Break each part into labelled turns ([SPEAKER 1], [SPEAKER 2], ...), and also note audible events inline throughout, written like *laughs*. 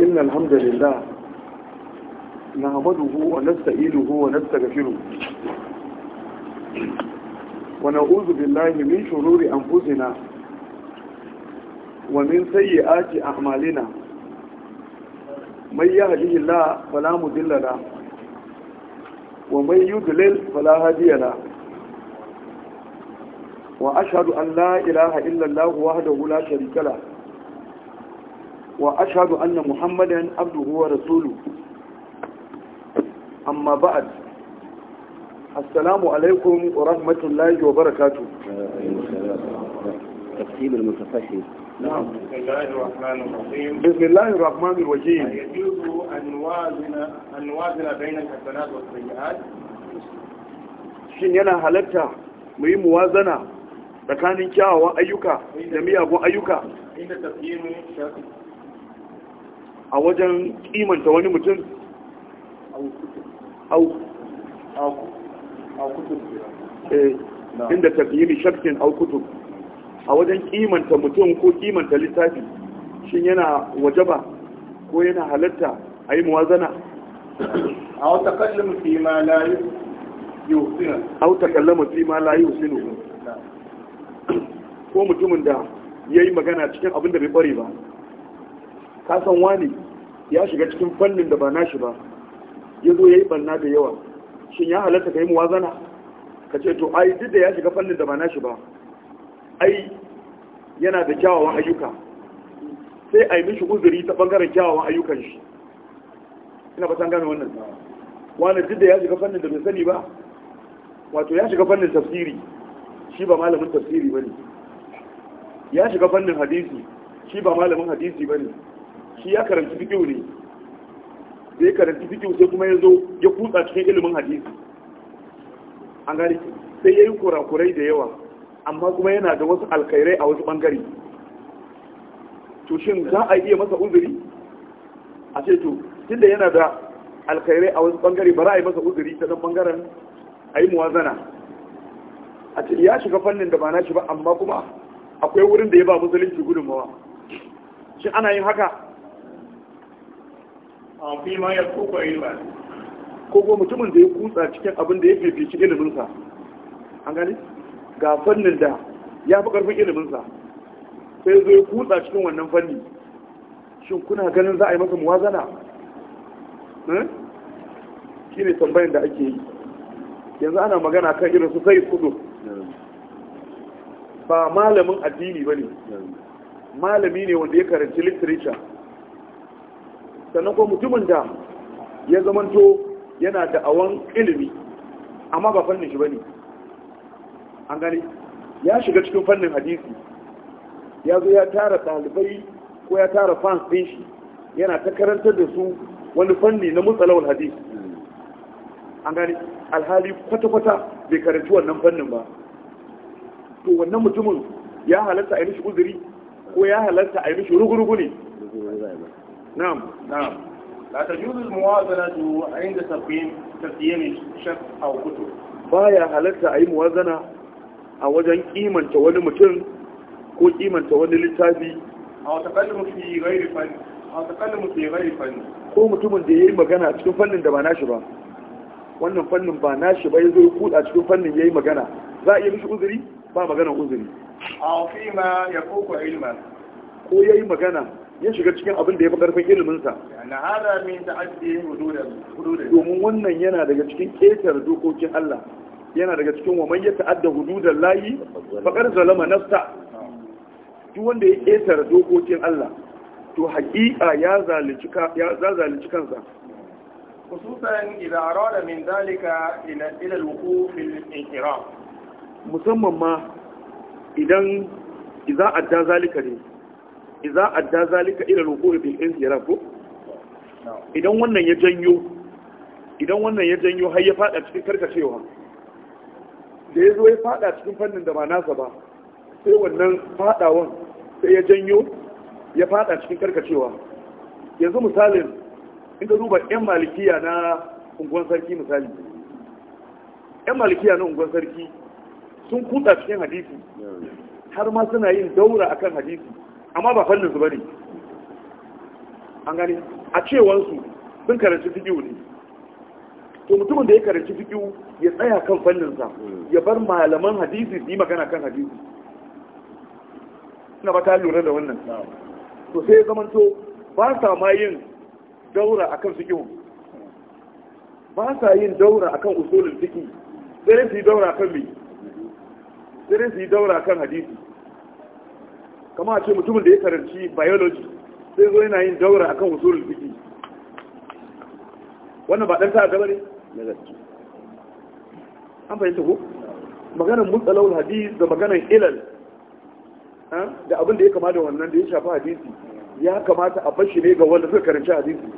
[SPEAKER 1] إن الحمد لله نعمده ونستئله ونستغفره ونعوذ بالله من شرور أنفسنا ومن سيئات أعمالنا من يهده الله فلا مذل له ومن يضلل فلا هادي له وأشهد أن لا إله إلا الله وحده لا شريك له وأشهد أن محمدا عبده ورسوله أما بعد السلام عليكم ورحمة الله وبركاته تقسيم المتفحي نعم
[SPEAKER 2] بسم الله الرحمن الرحيم
[SPEAKER 1] بسم الله الرحمن الرحيم
[SPEAKER 2] يجوز أن نوازن أن نوازن بين الحسنات والسيئات
[SPEAKER 1] shin yana halatta موازنة لكان إن شاء kyawawan ayyuka da miyagun ayyuka تقييم a wajen kimanta wani mutum
[SPEAKER 2] eh, inda mai
[SPEAKER 1] shafin aukutub a wajen kimanta mutum ko kimanta littafi shin yana wajaba ko yana halatta a yi muwazana a wata kallon fi ma layu yusinu a wata kallon ma layu ko mutumin da ya yi magana cikin abin da bai kware ba Kasan wani ya shiga cikin fannin da ba nashi ba ya zo ya yi barna da yawa shin ya halatta ka yi muwazana ka ce to ai duk da ya shiga fannin da ba nashi ba ai yana da kyawawan ayyuka sai a yi mishi uzuri ta bangaren kyawawan ayyukan shi ina ba san gane wannan wani duk da ya shiga fannin da bai sani ba wato ya shiga fannin tafsiri shi ba malamin tafsiri ba ne ya shiga fannin hadisi shi ba malamin hadisi ba ne shi ya karanci fikiyu ne da ya karanci fikiyu sai kuma ya zo ya kutsa cikin ilimin hadisi an gani sai ya yi kurakurai da yawa amma kuma yana da wasu alkairai a wasu bangare to shin za a iya masa uzuri a ce to tunda yana da alkairai a wasu bangare ba za a yi masa uzuri ta dan bangaren a yi muwazana a ce ya shiga fannin da ba na shi ba amma kuma akwai wurin da ya ba musulunci gudunmawa shi ana yin haka fima ya kuka ilma ko mutumin da ya kutsa cikin abin da ya fifici iliminsa an gani ga fannin da ya fi karfin iliminsa sai zo ya kutsa cikin wannan fanni shin kuna ganin za a yi masa muwazana hmm? shi ne tambayin da ake yi yanzu ana magana kan irin su sai kudu ba malamin addini ba ne hmm. malami ne wanda ya karanci literature sannan ko mutumin da ya zamanto yana da awon ilimi amma ba fannin shi ba ne an gani ya shiga cikin fannin hadisi ya zo ya tara ɗalibai ko ya tara fans ɗin shi yana ta karantar da su wani fanni na mutsalawar hadis an gani alhali kwata-kwata bai karanci wannan fannin ba to wannan mutumin ya halatta a yi mishi uzuri ko ya halatta a yi mishi rugurugu ne نعم نعم لا تجوز الموازنة عند تقييم تقييم شخص أو كتب بايا halarta a yi أو a wajen kimanta wani mutum ko kimanta wani littafi a في غير فن أو تقلم في غير فن ko mutumin da ya yi magana a cikin fannin da ba nashi ba wannan fannin ba nashi ba ya zo a cikin fannin ya magana za a iya mishi uzuri ba magana uzuri a fi ma ya koko ilma ko ya magana ya shiga cikin abin da ya fi ƙarfin iliminsa domin wannan yana daga cikin ƙetar dokokin Allah yana daga cikin wa mai ya ta'adda hududan layi faƙar zalama nasta. duk wanda ya ƙetar dokokin Allah to haƙiƙa ya zalunci kansa khususan idza arada min zalika ila ila al musamman ma idan a adda zalika ne iza adda zalika ila al bil bil inhiraf idan wannan ya janyo idan wannan ya janyo har ya fada cikin karkacewa da ya zo ya fada cikin fannin da ba nasa ba sai wannan fadawan sai ya janyo ya fada cikin karkacewa yanzu misalin in ka duba 'yan malikiya na unguwan sarki misali 'yan malikiya na unguwan sarki sun kuta cikin hadisi har ma suna yin daura akan hadisi amma ba fannin su bane an gani a cewansu sun karanci fikiyu ne to mutumin da ya karanci fikiyu ya tsaya kan fannin sa hmm. ya bar malaman hadisi yi magana kan hadisi suna ba ta lura da wannan to sai zaman to ba sa ma yin daura a kan fikiyu ba sa yin daura a kan usulun fiqi sai su yi daura kan mai sai su yi daura kan hadisi kama a ce mutumin da ya karanci biology sai zo yana yin daura akan usulul fiqh wannan ba dan ta'adda ne na gaske an fahimta ko maganar mutsalawul hadith da maganar ilal da abin da ya kama da wannan da ya shafi hadisi ya kamata a bashi ne ga wanda suka karanci hadisi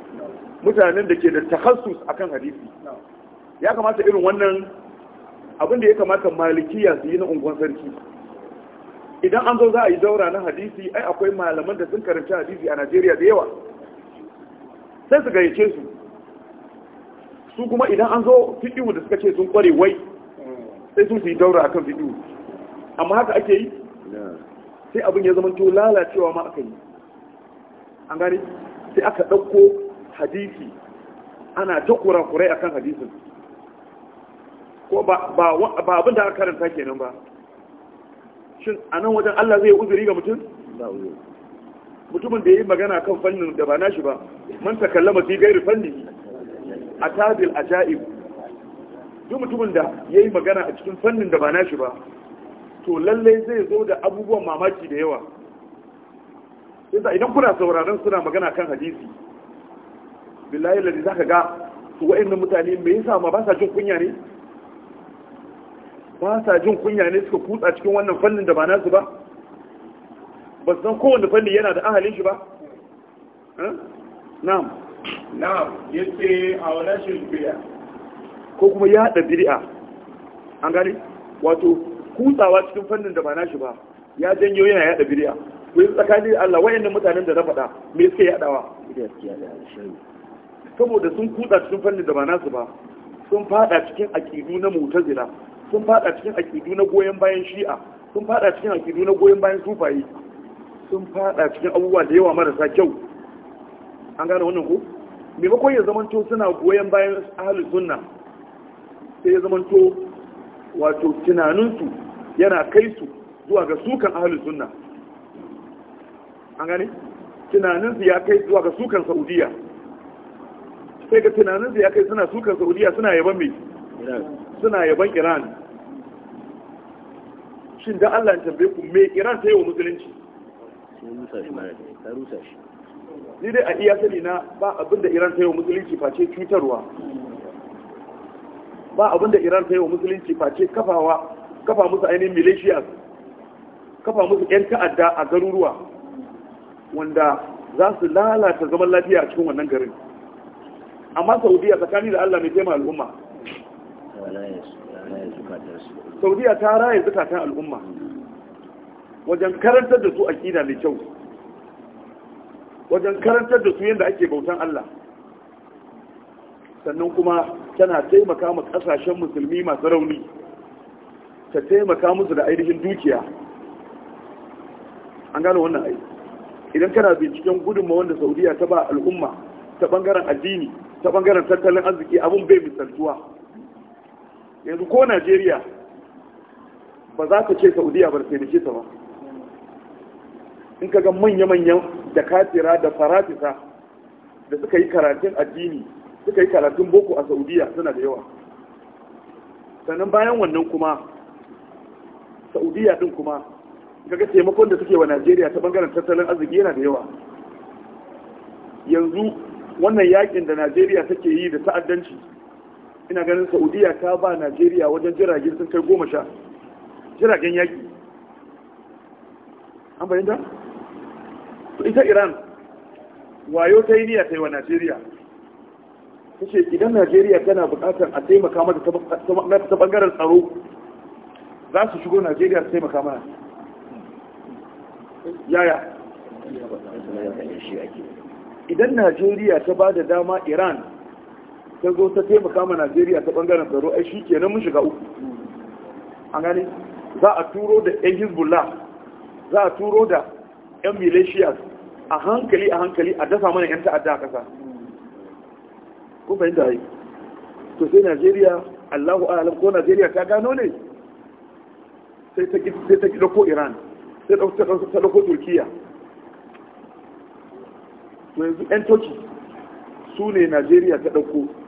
[SPEAKER 1] mutanen da ke da takhassus akan hadisi ya kamata irin wannan abin da ya kamata malikiya su yi na unguwan sarki idan an zo za a yi daura na hadisi ai akwai malaman da sun karanta hadisi a najeriya da yawa sai su gayyace su su kuma idan an zo fiɗiwu da suka ce sun ƙware wai sai sun su yi daura akan fiɗiwu amma haka ake yi sai abin ya zama to lalacewa ma aka yi an gani sai aka ɗauko hadisi ana ta kurakurai akan hadisin ko ba abin da aka karanta kenan ba shin a nan wajen Allah zai uzuri ga mutum mutumin da ya yi magana kan fannin da ba nashi ba man ta kallama fi gairi fanni a tabil a ja'ib duk mutumin da ya yi magana a cikin fannin da ba nashi ba to lallai zai zo da abubuwan mamaki da yawa yasa idan kuna sauraron suna magana kan hadisi billahi lalli za ka ga su wa'in mutane me yasa ma ba sa jin kunya ne ba sa jin kunya ne suka kutsa cikin wannan fannin da ba nasu ba ba san kowane fanni yana da ahalin shi ba eh? na ya yace a shi biya ko kuma ya da biya an gani wato kutsawa cikin fannin da ba nasu ba ya janyo yana ya da biya ku yi tsakani da Allah wayannan mutanen da na faɗa me suke yadawa saboda sun kutsa cikin fannin da ba nasu ba sun fada cikin aƙidu na mu'tazila sun fada cikin akidu na goyon bayan shi'a sun fada cikin akidu na goyon bayan sufaye sun fada cikin abubuwa da yawa marasa kyau an gane wannan ko maimakon ya zamanto suna goyon bayan ahalin sunna sai ya zamanto wato tunaninsu yana kai su zuwa ga sukan ahalin sunna an gane tunaninsu ya kai zuwa ga sukan saudiya sai ga tunaninsu ya kai suna sukan saudiya suna yaban mai suna yaban iran shin da Allah ya tambaye ku me Iran ta yi wa musulunci ni dai a iya sani na ba abin da Iran ta yi wa musulunci face cutarwa ba abin da Iran ta yi wa musulunci face kafawa kafa musu ainihin militias kafa musu yan ta'adda a garuruwa wanda za su lalata zaman lafiya a cikin wannan garin amma saudiya tsakani da allah mai taimaka al'umma saudiya ta raya zukatan al'umma wajen karantar da su a aƙida mai kyau wajen karantar da su yadda ake bautan Allah sannan kuma tana taimaka ma ƙasashen musulmi masu rauni ta taimaka musu da ainihin dukiya an gano wannan ai idan kana binciken gudunma wanda saudiya ta ba al'umma ta bangaren addini ta bangaren tattalin arziki abin bai misaltuwa yanzu ko najeriya ba za ka ce saudiya ba sai da ke ta ba in ka ga manya-manyan da katira da faratisa da suka yi karatun addini suka yi karatun boko a saudiya suna da yawa sannan bayan wannan kuma saudiya din kuma ga taimakon da suke wa najeriya ta bangaren tattalin arziki yana da yawa yanzu wannan yakin da najeriya take yi da ta'addanci ina ganin saudiya ta ba najeriya wajen jirage sun kai goma sha jiragen yaƙi an bayyanta? to ita iran wayo ta yi niyata yi wa najeriya ta ce idan najeriya tana buƙatar a taimaka mata ta ɓangaren tsaro za su shigo najeriya su taimaka mana yaya idan najeriya ta ba da dama iran ta zo ta taimaka ma najeriya ta bangaren tsaro ai shi kenan mun shiga uku an gani za a turo da yan hezbollah za a turo da yan militias a hankali a hankali a dafa mana yan ta'adda a ƙasa ko fahimta yi to sai najeriya allahu alam ko najeriya ta gano ne sai ta ki ko iran sai ta ɗauko turkiya to yanzu yan toci su ne najeriya ta ɗauko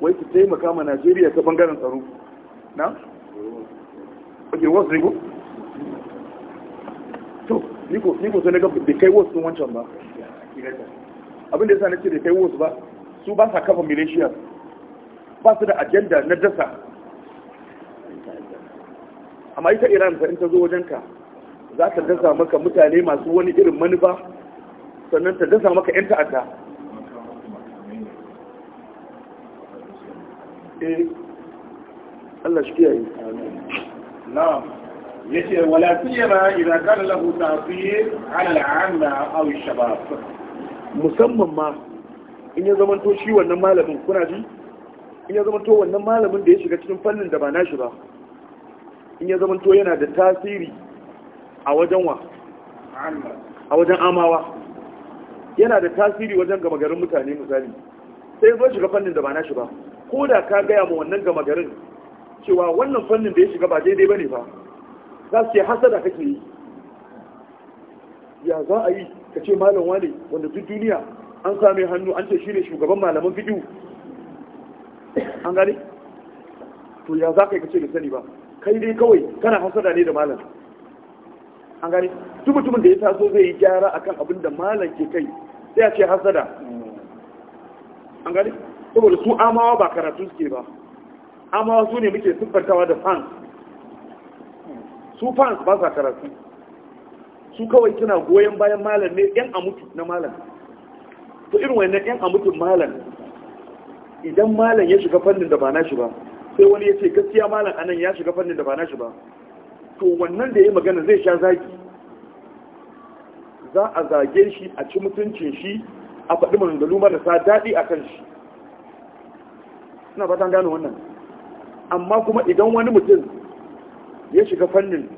[SPEAKER 1] wai su taimaka ma najeriya ta bangaren tsaro na? ok wasu rigo? to niko niko sai na ga bai kai wasu wancan ba abinda ya sa na ce bai kai wasu ba su ba sa kafa milishiyar ba su da agenda na dasa amma ita iran ta in ta zo wajenka za ta dasa maka mutane masu wani irin manufa sannan ta dasa maka 'yan ta'adda eh Allah shi kiyaye na'am yace wala siyama idan kana lahu ta'sir ala al'amma aw shabab musamman ma in ya zama to shi wannan malamin kuna ji in ya zama to wannan malamin da ya shiga cikin fannin da ba nashi ba in ya zama to yana da tasiri a wajen wa a wajen amawa yana da tasiri wajen gama garin mutane misali sai zo shiga fannin da ba nashi ba ko da ka gaya ma wannan gama garin cewa wannan fannin da ya shiga ba daidai ba ne ba za su ce hasada kake yi ya za a yi ka ce malam wane wanda duk duniya an same hannu an ce shi ne shugaban malaman fiɗi an gane to ya za ka yi ka ce da sani ba kai dai kawai kana hasada ne da malam an gane duk mutumin da ya taso zai yi gyara akan abin da malam ke kai sai a ce hasada an gane saboda su amawa ba karatu suke ba amawa su ne muke siffantawa da fans su fans ba sa karatu su kawai kina goyon bayan malam ne yan amutu na malam to irin wannan yan amutun malam idan malam ya shiga fannin da ba nashi ba sai wani ya ce gaskiya malam anan ya shiga fannin da ba nashi ba to wannan da ya magana zai sha zagi za a zage shi a ci mutuncin shi a faɗi maganganu marasa daɗi a kan shi suna ba tan gane wannan amma kuma idan wani mutum ya shiga fannin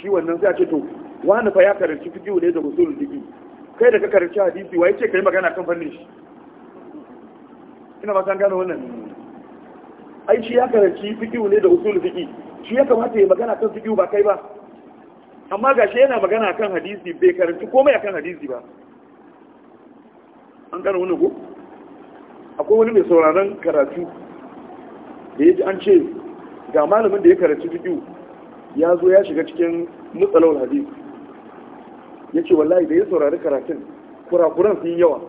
[SPEAKER 1] shi wannan sai a ce to wani fa ya karanci fiki ne da usulul fiqh kai da ka karanci hadisi wai ce kai magana kan fannin shi ina ba tan gane wannan ai shi ya karanci fiki ne da usulul fiqh shi ya kamata ya magana kan fiki ba kai ba amma gashi yana magana kan hadisi bai karanci komai akan hadisi ba an gane wannan ko akwai wani mai sauraron karatu da ya ji an ce ga malamin da ya karatu biyu ya zo ya shiga cikin mutsalawar hadis ya ce wallahi da ya saurari karatun kurakuran sun yawa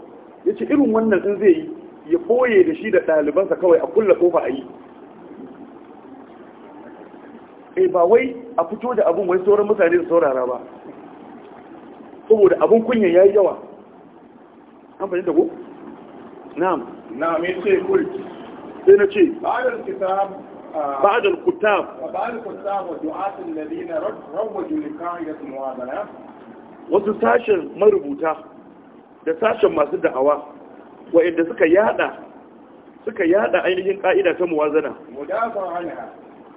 [SPEAKER 1] ya ce irin wannan sun zai yi ya boye da shi da ɗalibansa kawai a kulla kofa a yi e ba wai a fito da abin wai sauran mutane da saurara ba saboda abin kunya ya yi yawa an fahimta ko? na'am na mai ce sai na ce ba'adar kitab ah, ba'adar kutab ba'adar kutab wa du'atul ladina wasu sashen marubuta da sashen masu da'awa wa'inda suka yada suka yada ainihin ka'ida ta muwazana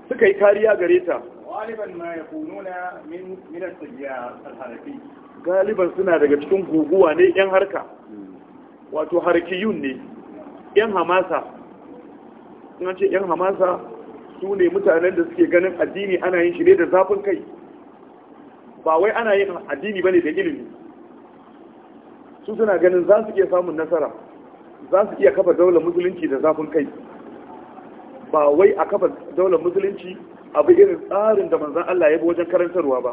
[SPEAKER 1] suka yi kariya gare ta galiban galiban suna daga cikin guguwa ne yan harka hmm. wato harkiyun ne yan hamasa sun ce yan hamasa su ne mutanen da suke ganin addini ana yin shi ne da zafin kai ba wai ana yin addini bane da ilimi su suna ganin za su iya samun nasara za su iya kafa daular musulunci da zafin kai ba wai a kafa daular musulunci abu irin tsarin da manzan Allah ya bi wajen karantarwa ba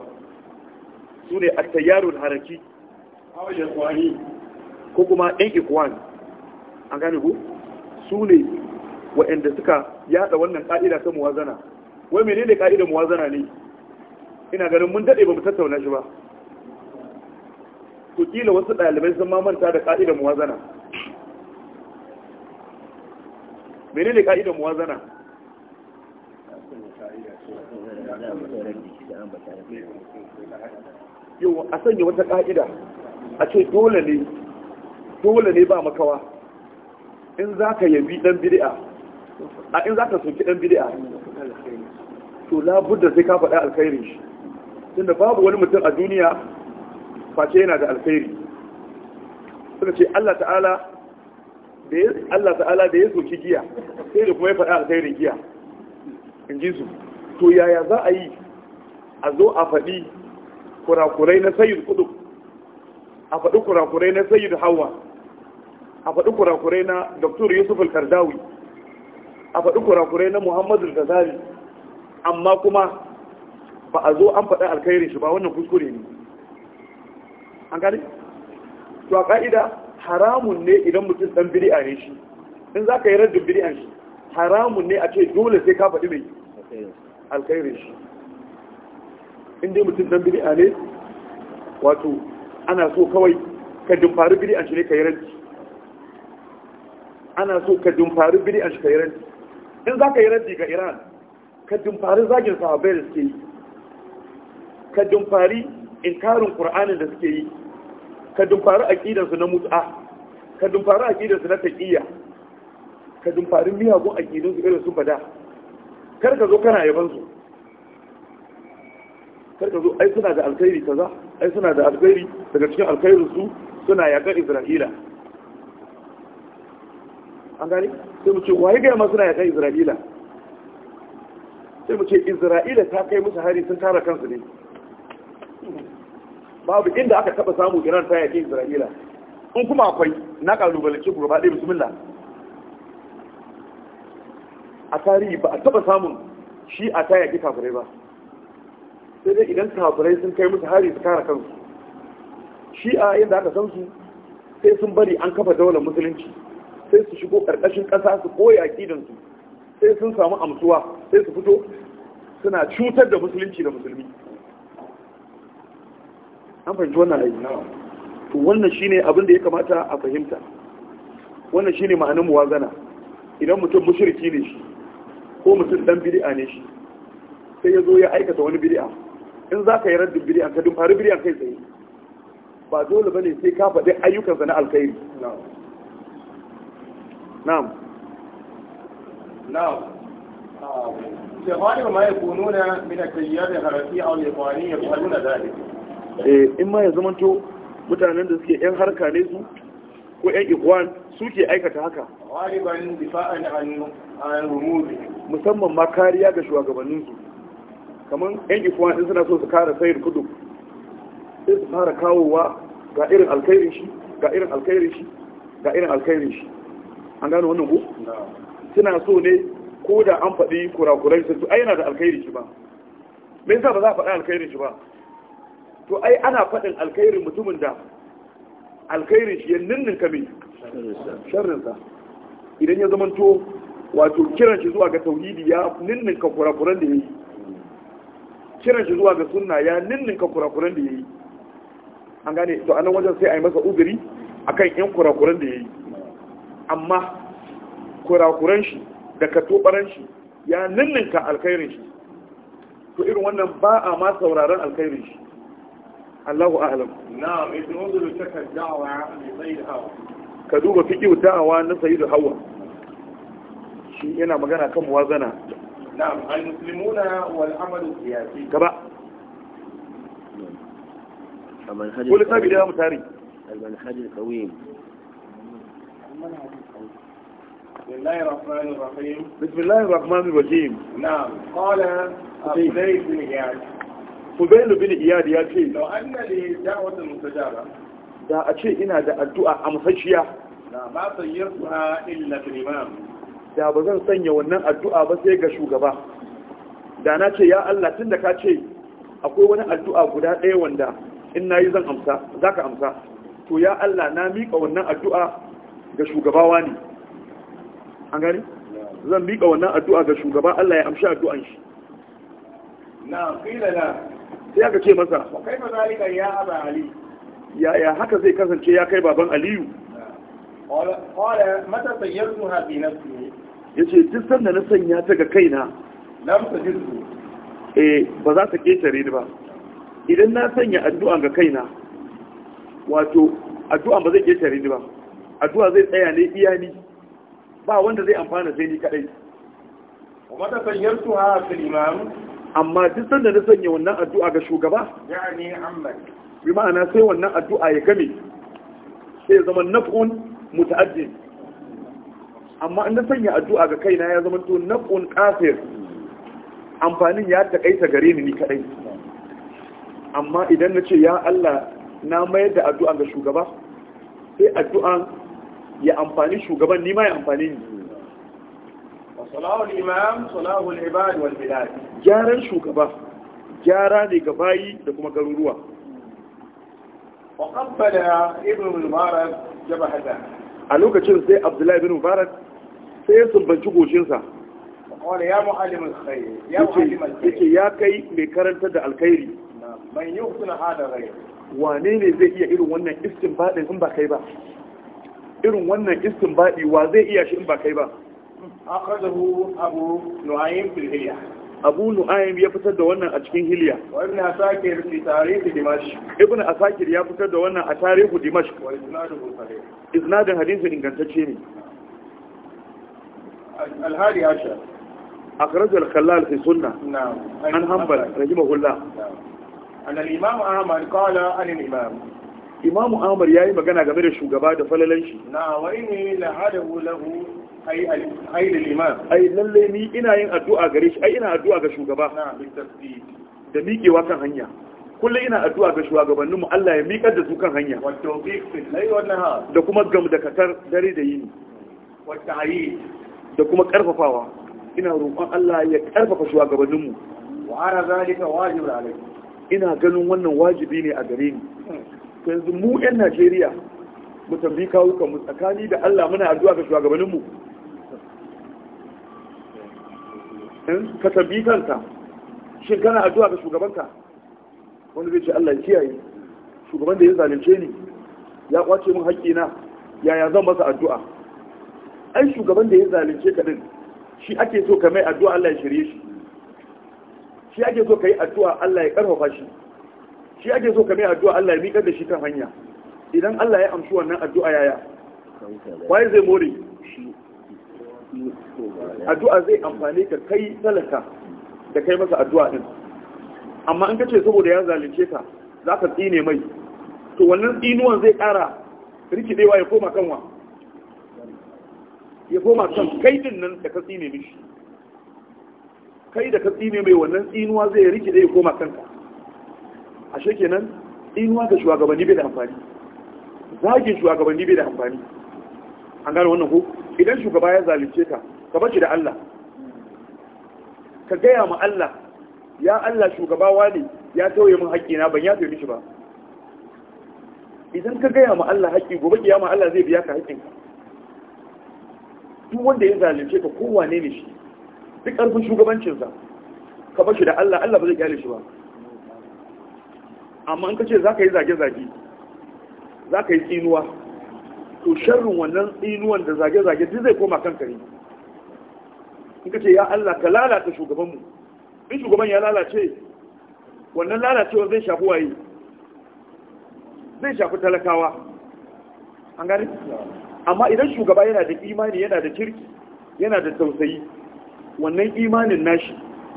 [SPEAKER 1] su ne a tayyarun haraki ko kuma ɗan ikwani. an gane ku su ne waɗanda suka yada wannan ka'ida ta muwazana wai menene ka'idar muwazana ne ina ganin mun dade ba mu tattauna shi ba Ku kila wasu ɗalibai sun mamanta da ka'idar muwazana menene ka'idar muwazana yau a sanya wata ka'ida
[SPEAKER 2] a ce dole
[SPEAKER 1] ne dole ne ba makawa in za ka yabi ɗan biri'a, a in za ka soki ɗan biri'a, to labudda sai ka faɗa alkhairi shi tunda babu wani mutum a duniya face yana da alkhairi suka ce Allah ta'ala da ya Allah ta'ala da ya soki giya sai da kuma ya faɗa alkhairin giya in ji su to yaya za a yi a zo a faɗi kurakurai na sayyid kudu a faɗi kurakurai na sayyid hawa a faɗi kurakurai na dr yusuf al-kardawi a faɗi kurakurai na muhammadu al-ghazali amma kuma ba a zo an faɗi alkhairin shi ba wannan kuskure ne an gani to a ka'ida haramun ne idan mutum ɗan a ne shi in za ka yi raddin biri shi haramun ne a ce dole sai ka faɗi mai alkhairin shi in dai mutum ɗan a ne wato ana so kawai ka biri a shi ne ka yi raddi ana so ka dumfari a shi in za ka yi raddi ga iran ka dumfari zagin sahabai da suke yi ka dumfari inkarin Kur'anin da suke yi ka dumfari aƙidansu na mutu'a ka dumfari aƙidansu na taqiyya ka dumfari miyagun aƙidansu irin su bada kar ka zo kana yaban su kar ka zo ai suna da alkhairi kaza ai suna da alkhairi daga cikin alkhairin su suna yaƙar isra'ila an gani sai mu ce waye gaya masu na yakan isra'ila sai mu ce isra'ila ta kai musu hari sun tara kansu ne babu inda aka taba samu iran ta yaƙi isra'ila in kuma akwai na kalubalance ku gaba ɗaya bismillah a tarihi ba a taba samun shi a ta yaƙi kafirai ba sai dai idan kafirai sun kai musu hari su kara kansu shi a yadda aka san su sai sun bari an kafa daular musulunci sai su shigo ƙarƙashin ƙasa su koya aƙidansu sai sun samu amsuwa sai su fito suna cutar da musulunci da musulmi an fahimci wannan ayi to wannan shine abin da ya kamata a fahimta wannan shine ma'anin muwazana idan mutum mushriki ne shi ko mutum dan bid'a ne shi sai ya zo ya aikata wani bid'a in za ka yi raddin bid'a ka dumfari bid'a kai tsaye ba dole bane sai ka faɗi ayyukansa na alkhairi نعم نعم jama'a ya kunu na mina kayyar da harafi a wani ya eh, in ma ya zamanto mutanen da suke 'yan harka ne su ko 'yan ikwan suke aikata haka galiban difa'an an rumuri musamman ma kariya ga shugabanninsu kamar 'yan ikwan din suna so su kare sayar kudu sai su fara kawowa ga irin alkairin shi ga irin alkairin shi ga irin alkairin shi an gano wannan ku suna so ne ko da an faɗi kurakurai sai ai yana da alkhairi shi ba me yasa ba za a faɗi alkhairin shi ba to ai ana faɗin alkhairin mutumin da alkhairin shi ya ninninka mai sharrinsa idan ya to wato kiran shi zuwa ga tauhidi ya ninnin ka kurakuran da ya yi kiran shi zuwa ga sunna ya ka kurakuran da ya yi an gane to anan wajen sai a yi masa uzuri akan yan kurakuran da ya yi amma kurakuran shi da katobaran shi ya ninninka alkhairin shi to irin wannan ba a ma sauraron alkhairin shi Allahu a'lam na'am idan wanzu da take da'awa mai da hawa ka duba fiqhu da'awa na sayyid hawa shi yana magana kan muwazana na'am al-muslimuna wal amal siyasi gaba المنهج القويم بسم الله الرحمن الرحيم نعم قال بن إياد بن إياد لو أن لي دعوة da a ce ina da addu'a da ba ta yi zan sanya wannan ba sai ga da na da akwai wani addu'a guda ɗaya wanda in na yi zan amsa za ka amsa to ya Allah na miƙa wannan addu'a ga shugabawa ne an gani zan miƙa wannan addu'a ga shugaba Allah ya amshi addu'an shi na kila na sai aka ce masa kai ma ya aba ali ya ya haka zai kasance ya kai baban aliyu yanzu mata na bi Ya ce duk sanda na sanya ta ga kaina lam tajidu eh ba za ta ƙetare ni ba idan na sanya addu'a ga kaina wato addu'a ba zai ƙetare ni ba addu'a zai tsaya ne iya ni ba wanda zai amfana sai ni kadai kuma ta sanyar ha fil imam amma duk sanda na sanya wannan addu'a ga shugaba
[SPEAKER 2] yani amma
[SPEAKER 1] bi ma'ana sai wannan addu'a ya game sai zama naf'un muta'addi amma in na sanya addu'a ga kaina ya zama to naf'un kafir amfanin ya takaita gare ni ni kadai amma idan na ce ya Allah na mayar da addu'a ga shugaba sai addu'an ya amfani shugaban ni ma ya amfani ni imam ibad wal bilad gyaran shugaba gyara ne ga bayi da kuma garuruwa wa qabbala ibn mubarak a lokacin sai abdullahi ibn mubarak sai ya sumbanci goshinsa ya mu'allim alkhair ya mu'allim alkhair yake ya kai mai karanta da alkhairi man yuhsina hada ghayr wane ne zai iya irin wannan istinbadin in ba kai ba irin wannan istinbadi wa zai iya shi in ba kai ba akhrajahu abu nu'aym fil hilya abu nu'aym ya fitar da wannan a cikin hilya wa ibn asakir fi tarikh dimashq ibn asakir ya fitar da wannan a tarihu dimashq wa isnadu sahih isnadu hadisin ingantacce ne
[SPEAKER 2] al-hadi ashar
[SPEAKER 1] أخرج الخلال في سنة نعم عن حنبل رحمه الله أن الإمام أحمد قال عن الإمام imamu amur ya yi magana game da shugaba da falalan shi na wai ne lahadahu lahu ai da liman ai lalle ni ina yin addu'a gare shi ai ina addu'a ga shugaba da miƙewa kan hanya kullum ina addu'a ga shugabanninmu Allah ya miƙar da su kan hanya da kuma gam da katar dare da yini da kuma ƙarfafawa ina roƙon Allah ya ƙarfafa shugabanninmu wa ara zalika wajibun alayhi ina ganin wannan wajibi ne a gare ni hmm. to yanzu mu 'yan najeriya mu tambi kawukanmu mu tsakani da allah muna addu'a ga shugabanninmu ka tambi kanka shin kana addu'a ga shugabanka wanda zai ce allah kiyaye shugaban da ya zalunce ni ya kwace min na, yaya zan masa addu'a ai shugaban da ya zalunce ka din shi ake so ka mai addu'a allah ya shirye shi shi ake so ka yi addu'a allah ya karfafa shi shi ake so ka mai addu'a Allah ya miƙar da shi kan hanya idan Allah ya amshi wannan addu'a yaya waye zai more addu'a zai amfani ka kai talaka da kai masa addu'a din amma in kace saboda ya zalunce ka za ka tsine mai to wannan tsinuwan zai ƙara rikidewa ya koma kanwa ya koma kan kai din nan da ka tsine mishi kai da ka tsine mai wannan tsinuwa zai rikide ya koma kanka ashe kenan in ga shugabanni bai da amfani zagin shugabanni bai da amfani an gane wannan ko idan shugaba ya zalunce ka ka bace da Allah ka gaya ma Allah ya Allah shugaba wani ya tauye min haƙƙina ban ya yafe shi ba idan ka gaya ma Allah haƙƙi gobe kiyama Allah zai biya ka haƙƙinka duk wanda ya zalunce ka kowane ne shi duk ƙarfin shugabancinsa ka bashi da Allah Allah ba zai kyale shi ba amma in ka ce za ka yi zage-zage za ka yi tsinuwa to sharrin wannan tsinuwan da zage-zage duk zai koma kanka ne in ka ce ya Allah ka lalata shugabanmu in shugaban ya lalace wannan lalacewa zai shafi waye zai shafi talakawa an gani amma idan shugaba yana da imani yana da kirki yana da tausayi wannan imanin nashi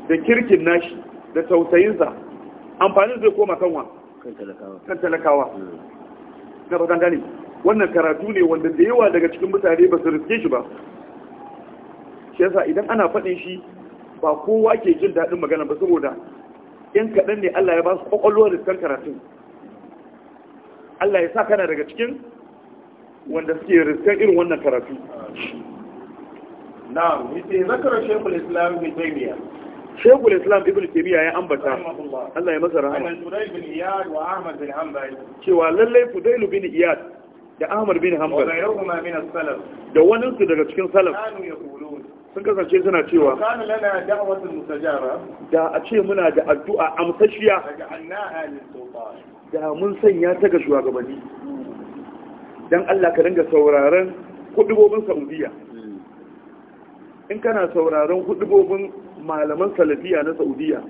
[SPEAKER 1] da kirkin nashi da tausayinsa amfanin zai koma kanwa
[SPEAKER 2] kan
[SPEAKER 1] talakawa na ba gani wannan karatu ne wanda da yawa daga cikin mutane ba su riske shi ba shi yasa idan ana faɗin shi ba kowa ke jin daɗin magana ba saboda yan kaɗan ne Allah ya ba su da kan karatun Allah ya sa kana daga cikin wanda suke riske irin wannan karatu na wuce zakarar shekul islam mai taimiyya shekul islam ibn tabiya ya ambata Allah ya masa rahama cewa lallai fudailu bin iyad da ahmad bin hanbal da waninsu daga cikin salaf sun kasance suna cewa da a ce muna da addu'a amsashiya da mun sanya ta ga shugabanni don Allah ka dinga sauraron kudubobin saudiya in kana sauraron hudubobin malaman salafiya na saudiya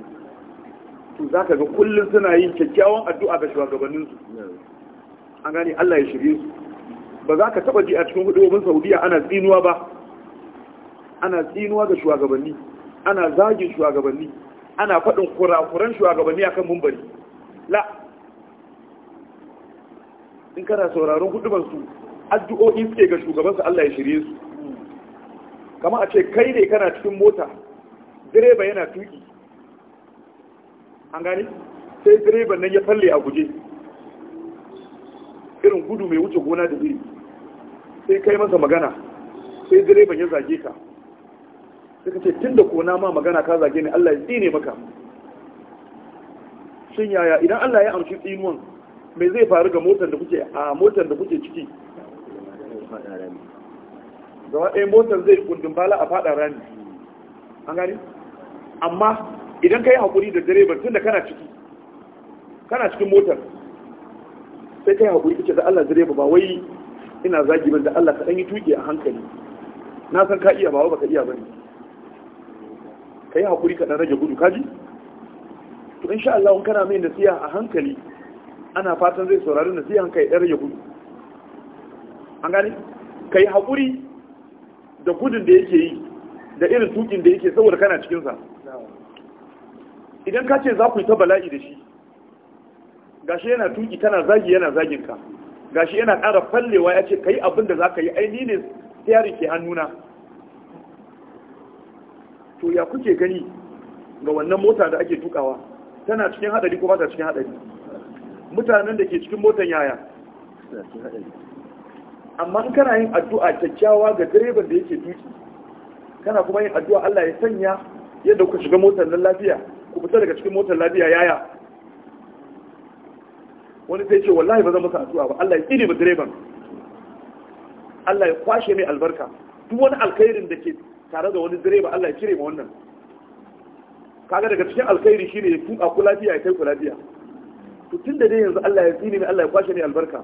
[SPEAKER 1] to za ka ga kullum suna yin kyakkyawan addu'a ga shugabanninsu an gane allah ya shirye su ba za ka taba ji a cikin hudubobin saudiya ana tsinuwa ba ana tsinuwa ga shugabanni ana zagin shugabanni ana faɗin kurakuran shugabanni akan mumbari la in kana sauraron hudubansu addu'o'i suke ga shugabansu allah ya shirye su kama a ce kai ne kana cikin mota direba yana tuki an gani sai direban nan ya falle a guje irin gudu mai wuce gona da iri sai kai masa magana sai direban ya zage ka suka ce tun da kona ma magana ka zage ni Allah ya tsine maka shin yaya idan Allah ya amshi tsinuwan me zai faru ga motar da kuke a motar da kuke ciki gaba ɗaya motar zai kundin bala a faɗa rani an gani amma idan ka yi haƙuri da direban tun da kana ciki kana cikin motar sai ka yi haƙuri kake da Allah direba ba wai ina zagi ban da Allah ka yi tuƙi a hankali na san ka iya ba wa baka iya ba ne, ka yi haƙuri ka ɗan rage gudu kaji to insha Allah kana mai nasiya a hankali ana fatan zai saurari nasiyan ka ɗan rage gudu an gani ka yi haƙuri da gudun da yake yi da irin tukin da yake saboda kana cikinsa idan ka ce za ku yi ta bala'i da shi gashi yana tuki tana zagi yana zagin ka gashi yana ƙara fallewa ya ce ka yi abin da za ka yi aini ne tsari ke hannuna to ya kuke gani ga wannan mota da ake tukawa tana cikin haɗari ko ba ta cikin haɗari mutanen da ke cikin motan yaya amma in kana yin addu'a kyakkyawa ga direban da yake tuki kana kuma yin addu'a Allah ya sanya yadda ku shiga motar nan lafiya ku fita daga cikin motar lafiya yaya wani sai ce wallahi ba zan masa addu'a ba Allah ya tsire ba direban Allah ya kwashe mai albarka duk wani alkhairin da ke tare da wani direba Allah ya cire ma wannan kaga daga cikin alkhairi shine ya tuka ku lafiya ya kai ku lafiya to tunda dai yanzu Allah ya tsire mai Allah ya kwashe mai albarka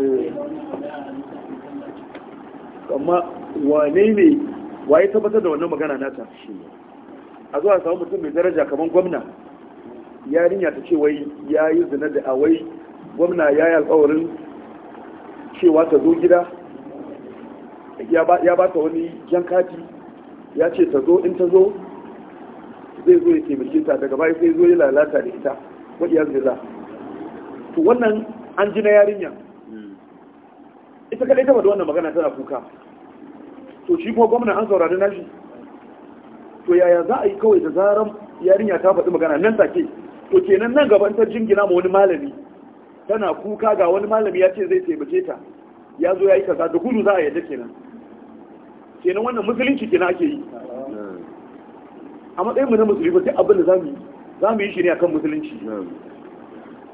[SPEAKER 1] Eh. amma wane ne waye tabbatar da wannan magana na nata a zuwa samun mutum mai daraja kamar gwamna ya rinya ta ce wai ya yi zina da awai gwamna ya yi alkawarin cewa ta zo gida ya ba ta wani jan ya ce ta zo in ta zo zai zo ya taimake ta daga baya sai zo ya lalata da ita wa iyaz billah to wannan an ji na yarinya hmm. ita kadai ta da wannan magana tana kuka to shi kuma gwamna an saurari nashi to yaya za a yi kawai da zaran yarinya ta faɗi magana nan take to kenan nan gaban ta jingina ma wani malami tana kuka ga wani malami ya ce zai taimake ta ya zo ya yi kaza da gudu za a yadda kenan kenan wannan musulunci kenan ake yi a matsayin mu na musulmi ba duk abin da zamu yi zamu yi shi ne akan musulunci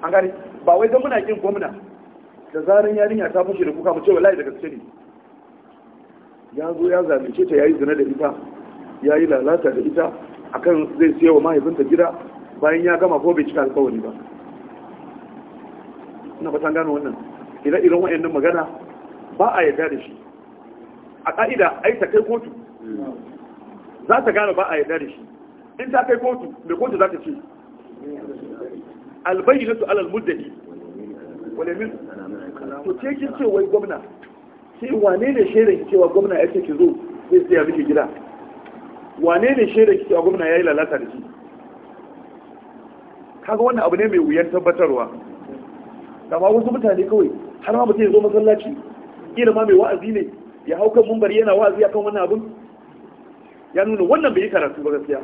[SPEAKER 1] an gane ba wai don muna kin gwamna da zaran yarinya ta fushi da kuka mu ce wallahi da gaske ne ya zo ya zalunce ta yayi zina da ita yayi lalata da ita akan zai siya wa mahaifinta gida bayan ya gama ko bai cika alkawari ba ina ta gano wannan ire-iren wa'annan magana ba a yarda da shi a ƙa'ida ai ta kai kotu za ta gane ba a yarda da shi in ta kai kotu mai kotu za ta ce albayi su su'alar muddadi wale min to ce kin ce wai gwamna sai wane ne shaidan ki cewa gwamna ya ce ki zo zai tsaya miki gida wane ne shaidan ki cewa gwamna ya yi lalata da shi kaga wannan abu ne mai wuyan tabbatarwa ma wasu mutane kawai har ma mutum ya zo masallaci kila ma mai wa'azi ne ya hau kan mumbar yana wazi akan wannan abun ya nuna wannan bai yi karatu ba gaskiya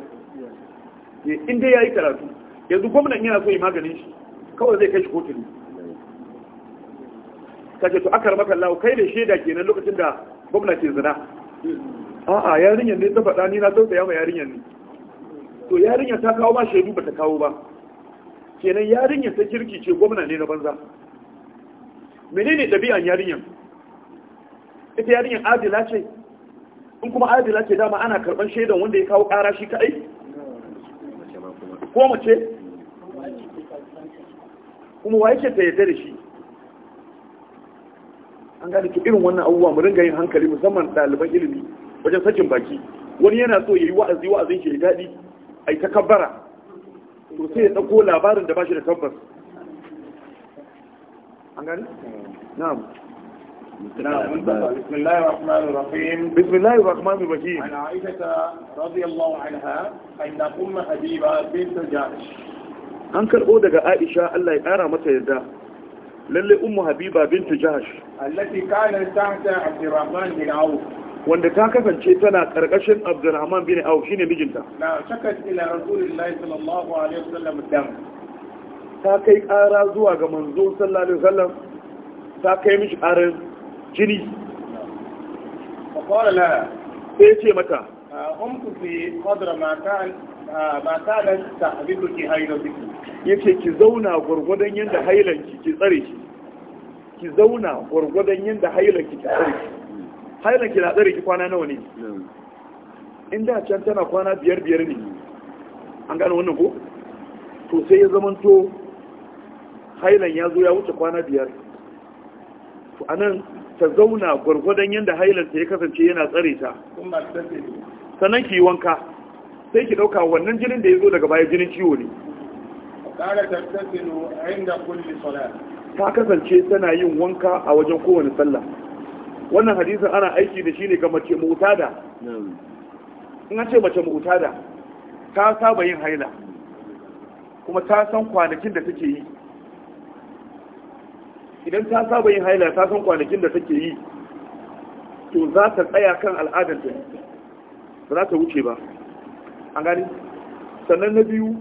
[SPEAKER 1] in dai ya yi karatu yanzu gwamnan yana so yi maganin shi kawai zai kai shi kotu ne kace to aka maka Allah kai da shaida kenan lokacin da gwamna ke zina a'a yarinyar ne ta faɗa ni na tausaya ma yarinyar ne to yarinyar ta kawo ba shaidu ba ta kawo ba kenan yarinyar ta kirki ce gwamna ne na banza menene ɗabi'an yarinyar ita yarinyar adila ce in kuma adila ce dama ana karban shaidan wanda ya kawo kara shi kadai ko mace kuma wa yake ta yarda da shi an gani ki irin wannan abubuwa mu ringa yin hankali musamman ɗaliban ilimi wajen sakin baki wani yana so ya yi wa'azi wa'azin shi ya daɗi ai ta kabbara to sai ya ɗauko labarin da ba shi da tabbas an gani na'am نعم، بسم الله الرحمن الرحيم بسم الله الرحمن الرحيم عن عائشة رضي الله عنها أن أم حبيبة بنت جهش أنكر أودة عائشة الله يقارى متى يدى للي أم حبيبة بنت جهش التي كانت تحت عبد الرحمن بن عوف وان كان كفن شيطانا كرقشن عبد الرحمن بن عوف شيني بجنتا لا شكت إلى رسول الله صلى الله عليه وسلم الدم ta kai ƙara zuwa ga manzo sallallahu alaihi wasallam ta kai jini sai ce mata ah, ah, ya ce ki zauna gwargwadon yadda hailanki ki tsare shi ki zauna gwargwadon yadda hailanki ki tsare shi hailanki na tsare ki kwana nawa ne inda can tana kwana biyar biyar ne an gano wannan ko to sai ya zamanto hailan ya zo ya wuce kwana biyar to anan ta zauna gwargwadon yadda hailarta ya kasance yana tsare ta sannan ki yi wanka sai ki ɗauka wannan jinin da ya zo daga baya jinin ciwo ne ta kasance tana yin wanka a wajen kowane sallah wannan hadisin ana aiki da shi ne ga mace mutada in an ce mace mutada ta saba yin haila kuma ta san kwanakin da take yi idan ta saba yin haila ta san kwanakin da take yi to za ta tsaya kan al'adar ta ba za ta wuce ba an gani sannan na biyu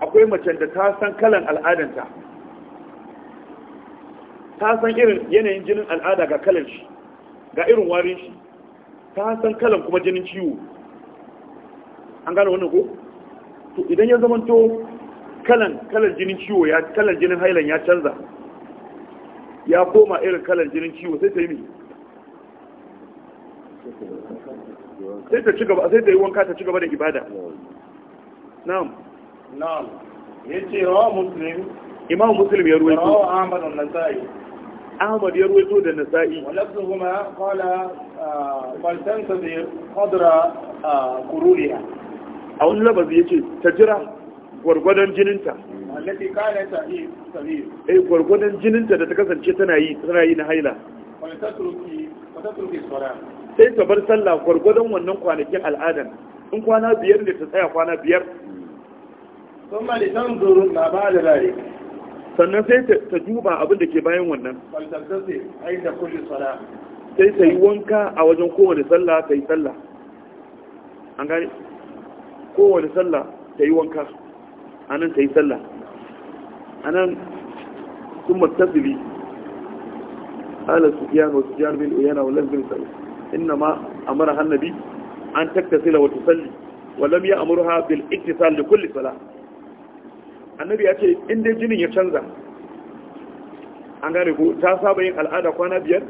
[SPEAKER 1] akwai macen da ta san kalan al'adarta, ta san irin yanayin jinin al'ada ga kalan shi ga irin warin shi ta san kalan kuma jinin ciwo an gani wannan ko to idan ya to kalan kalan jinin ciwo ya kalan jinin hailan ya canza ya koma irin kalar jinin ciwo sai ta yi mai sai ta cigaba sai ta yi wanka ta cigaba da ibada na'am na'am yace wa muslim imam muslim ya ruwaito wa ahmad an-nasa'i ahmad ya ruwaito da nasa'i walabduhuma qala faltantadir ah, qadra ah, qururiha a wani labazi yace ta jira gwargwadon jininta eh gwargwadon jininta da ta kasance tana yi tana yi na haila sai ta bar sallah gwargwadon wannan kwanakin al'adan in kwana biyar ne ta tsaya kwana biyar sannan sai ta duba abin da ke bayan wannan sai ta yi wanka a wajen kowane sallah ta yi sallah an gani kowane sallah ta yi wanka a nan ta yi sallah a nan sun matasiri ala sufiyan wasu sufiyan bin uyana wa lam bin sallah inna ma amara hannabi an taktasila wata salli. wa lam ya amurha bil iktisal da kulli sala annabi ya ce in dai jinin ya canza an gane ko ta saba yin al'ada kwana biyar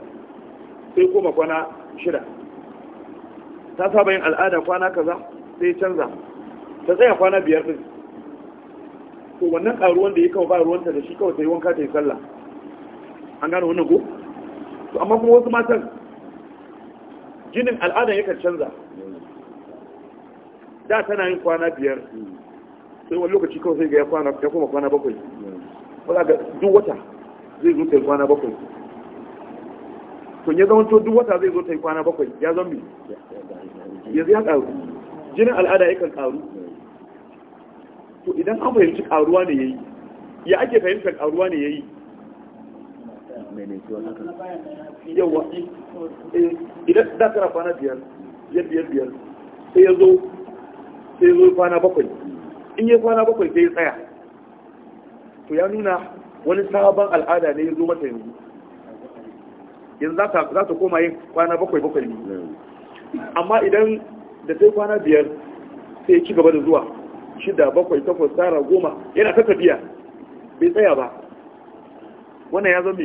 [SPEAKER 1] sai koma kwana shida ta saba yin al'ada kwana kaza sai canza ta tsaya kwana biyar din to wannan karuwan da ya kawo ba ruwanta da shi kawai ta yi wanka ta yi sallah an gane wannan ko to amma kuma wasu matan jinin al'ada ya kan canza da tana yin kwana biyar sai wani lokaci kawai sai ga ya kwana ya kuma kwana bakwai wala ga duk wata zai zo ta yi kwana bakwai to ya zama to duk wata zai zo ta yi kwana bakwai ya zama yanzu ya karu jinin al'ada yakan karu to idan an fahimci karuwa ne yayi ya ake fahimtar karuwa ne yayi yawa eh, idan da kana kwana biyar biyar biyar biyar sai ya zo sai ya zo kwana bakwai in ya kwana bakwai sai ya tsaya to ya nuna wani sabon al'ada ne ya zo mata yanzu yanzu za ta koma yin kwana bakwai bakwai ne hmm. amma idan da sai kwana biyar sai ya ci gaba da zuwa shida bakwai takwas tara goma yana ta tafiya bai tsaya ba wannan ya zama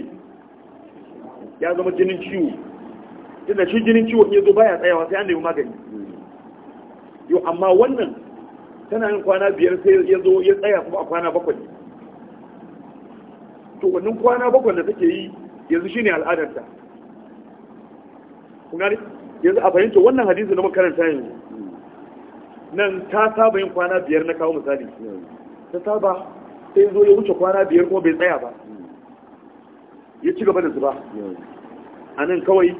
[SPEAKER 1] ya zama jinin ciwo inda shi jinin ciwo ya zo baya tsayawa sai an nemi magani yau amma wannan tana yin kwana biyar sai ya zo ya tsaya kuma a kwana bakwai to wannan kwana bakwai da take yi yanzu shine al'adarta kuma gani yanzu a fahimta wannan hadisi na makaranta yanzu nan ta saba yin kwana biyar na kawo misali ta saba sai zo ya wuce kwana biyar kuma bai tsaya ba ya ci gaba da zuba a nan kawai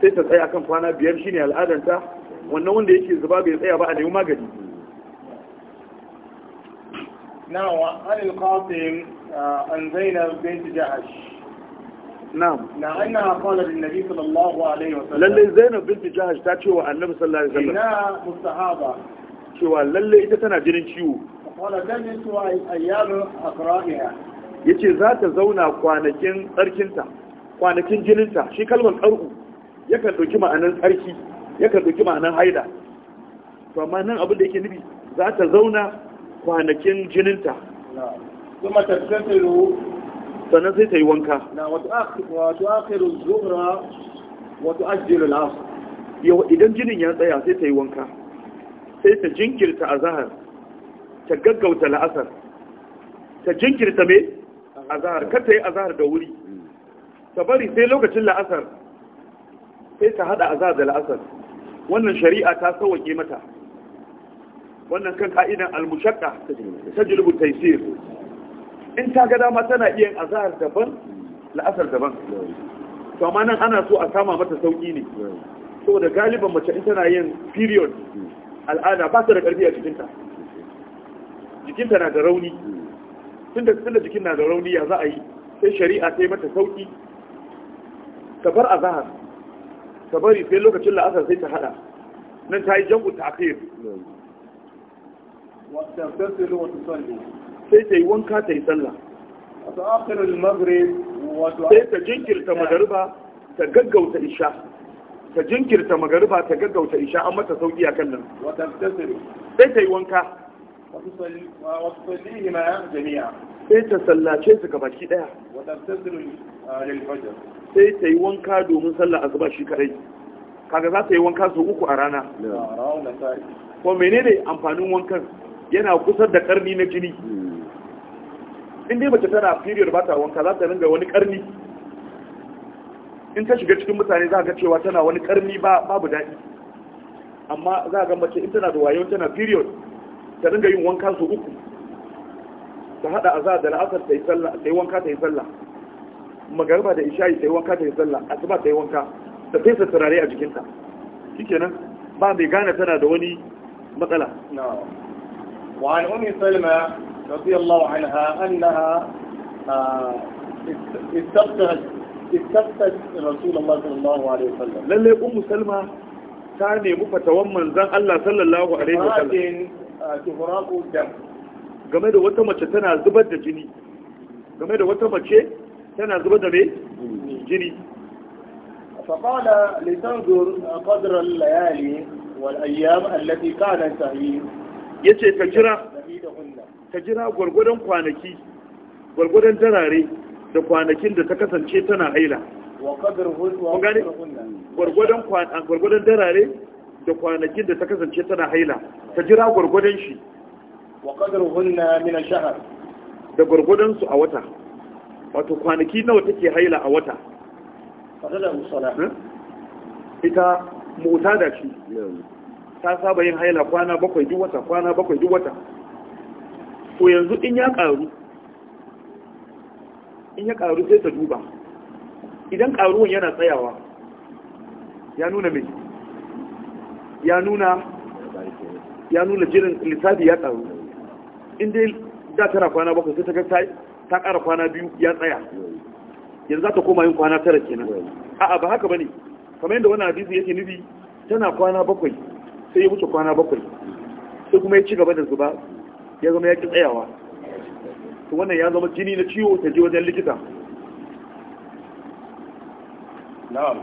[SPEAKER 1] sai ta tsaya kan kwana biyar shine al'adanta wannan wanda yake zuba bai tsaya ba a nemi magani نعم عن القاسم عن زينب بنت جهش نعم لأنها قالت للنبي صلى الله عليه وسلم Lallai زينب bin جهش ta ce wa صلى الله عليه وسلم إنها مستحابة cewa lalle ita tana jinin ciwo ya ce za ta zauna kwanakin tsarkinta kwanakin jininta shi kalmar ƙar'u yakan ɗauki ma'anan tsarki yakan ɗauki ma'anan haida to amma nan abin da yake nufi za ta zauna kwanakin jininta kuma ta tattalo sannan sai ta yi wanka wato akhiru zuhra wato ajiyar lafi. idan jinin ya tsaya sai ta yi wanka sai ta jinkirta a zahar ta gaggauta la'asar ta jinkirta mai a zahar kar ta yi a zahar da wuri ta bari sai lokacin la'asar sai ta hada a zahar da la'asar wannan shari'a ta sauwake mata wannan kan ka'idan almushakka ta jirgin taisir in ta ga dama tana iya a zahar daban la'asar daban to amma nan ana so a sama mata sauki ne saboda galiban mace in tana yin period al'ada ba su da ƙarfi a jikinta jikinta na da rauni tun da tun da jikin na da rauni ya za a yi sai shari'a ta yi mata sauƙi. ta bar azahar ta bari sai lokacin la'asar sai ta hada nan ta yi jam'u ta akhir sai ta yi wanka ta yi sallah sai ta jinkirta madarba ta gaggauta isha ta jinkirta magariba ta gaggauta isha an mata sauki a kan nan sai ta yi wanka sai ta sallace su gabaki daya sai ta yi wanka domin sallah azuba shi kadai kaga za ta yi wanka sau uku a rana ko menene amfanin wankan yana kusar da karni na jini hmm. in dai mace tana period ba ta wanka za ta ringa wani karni in ta shiga cikin mutane za ga cewa tana wani karni babu daɗi amma za ga mace in tana da wayo tana period ta dinga yin wanka su uku ta hada azhar da la'asar ta yi sallah ta yi wanka ta yi sallah magariba da isha'i ta yi wanka ta yi sallah asuba ta yi wanka ta fesa turare a jikinta shikenan ba mai gane tana da wani matsala وعن أم سلمة رضي الله عنها أنها استفتت istaqtat rasulullah sallallahu alaihi wasallam lalle ta nemi fatawan manzon Allah sallallahu alaihi wasallam game da wata mace tana zubar da jini game da wata mace tana zubar da me jini فقال لتنظر قدر yace jira jira gwargwadon kwanaki da kwanakin da ta kasance tana haila gwargwadon darare da kwanakin da ta kasance tana haila ta jira gwargwadon shi da gwargwadon su a wata wato kwanaki nawa take haila a wata ita mota da shi ta saba yin haila kwana bakwai duk wata kwana bakwai duk wata to yanzu in ya karu in ya karu sai ta duba idan karuwan yana tsayawa ya nuna mai ya nuna ya nuna jirin lissafi ya karu inda da tana kwana bakwai sai ta ga ta kara kwana biyu ya tsaya yanzu za ta koma yin kwana tara kenan a'a ba haka bane kamar yadda wani abisu yake nufi tana kwana bakwai sai ya wuce kwana bakwai sai kuma ya ci gaba da zuba ya zama ya ki tsayawa to wannan ya zama jini na ciwo ta ji wajen likita na'am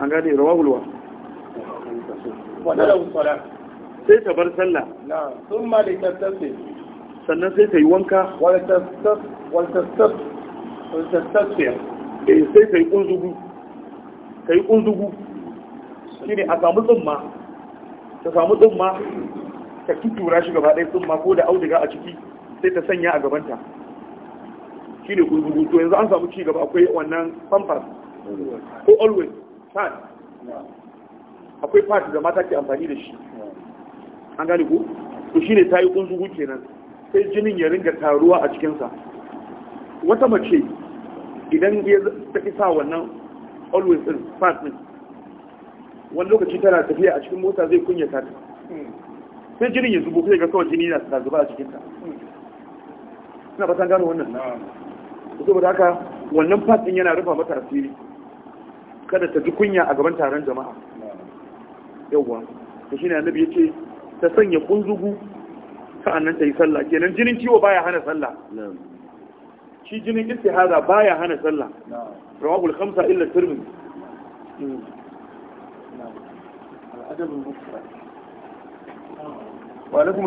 [SPEAKER 1] an gane rawahulwa wadda da sai ta bar sallah na'am sun ma da tattafe sannan sai ta yi wanka waltastafiya eh sai ta yi kunzugu ta yi kunzugu ne a samu tsumma ta samu tsumma ta tuttura shi gaba ɗaya tsumma ko da auduga a ciki sai ta sanya a gabanta shi ne gurgudu to yanzu an samu cigaba akwai wannan pampers ko always pad akwai pad da mata ke amfani da shi an gane ku to shi ne ta yi kunzugu kenan sai jinin ya ringa taruwa a cikinsa wata mace idan ya ta isa wannan always din pad din wani lokaci tana tafiya a cikin mota zai kunyata ta sai jinin ya zubo sai ga kawai jini na zuba a cikinta suna fatan gano wannan saboda haka wannan fatin yana rufa mata asiri kada ta ji kunya a gaban taron jama'a yawwa shi shine annabi ce ta sanya kunzugu sa'annan ta yi sallah kenan jinin ciwo baya hana sallah shi jinin istihaza baya hana sallah rawahul khamsa illa tirmidhi الأدب المفرد وعليكم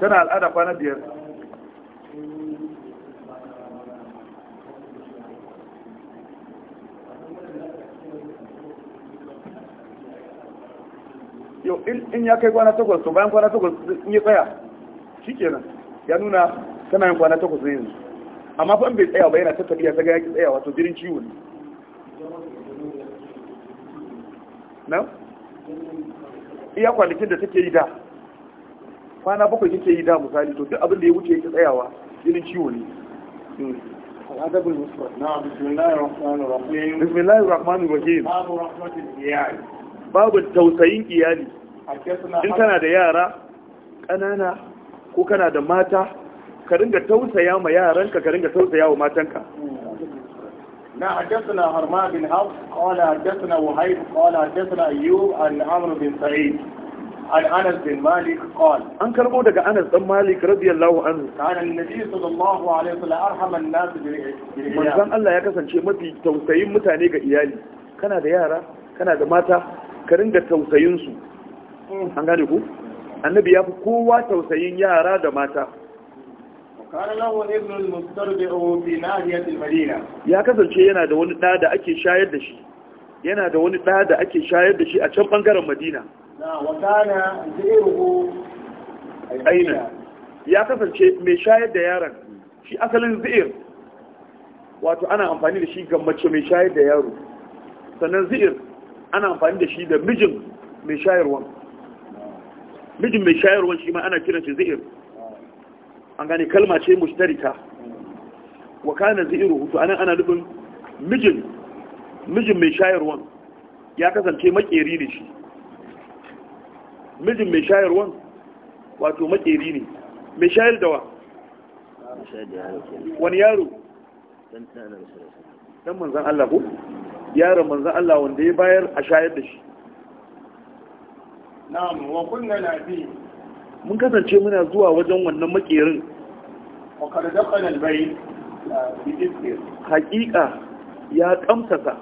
[SPEAKER 2] tana al'ada kwana biyar
[SPEAKER 1] yau in ya kai kwana takwas to bayan kwana takwas in ya tsaya shi kenan ya nuna tana yin kwana takwas ne yanzu amma fa tsayau bai tsaya ba yana tattabiya ta ga yaki tsayawa to jirin ciwo ne na? iya kwanakin da take yi da kwana bakwai take yi da misali to duk abin da ya wuce yake tsayawa jinin ciwo ne hmm. Babu tausayin iyali, in kana da yara, ƙanana ko kana da mata ka ringa tausaya ma yaranka ka ringa tausaya wa matanka hmm. نعم حدثنا هرمان بن حفص قال حدثنا وهيب قال حدثنا أيوب عن عمرو بن سعيد عن أنس بن مالك قال أن كربو دقى أنس بن مالك رضي الله عنه كان النبي صلى الله عليه وسلم أرحم الناس بالعيال من زان الله يكسن شيء مفي توسعين متاني إيالي كان هذا يارا كان هذا ماتا كرنجة توسعين سو an gane ku annabi ya fi kowa tausayin yara da mata ya kasance yana da wani ɗada ake shayar da shi yana da wani ɗa da ake shayar da shi a can ɓangaren madina ainihin ya kasance mai shayar da yaron shi asalin zir wato ana amfani da shi ga mace mai shayar da yaro sannan zir ana amfani da shi da mijin mai shayarwa mijin mai shayarwa shi ma ana kiran shi zi'ir an gane kalma ce mushtarika wa kana zairu to anan ana nufin mijin mijin mai shayarwa ya kasance makeri ne shi mijin mai shayarwa wato makeri ne mai shayar da wa wani yaro dan manzan Allah ko yaron manzan Allah wanda ya bayar a shayar da shi na'am wa kunna nabi mun kasance muna zuwa wajen wannan makerin haƙiƙa ya ƙamsasa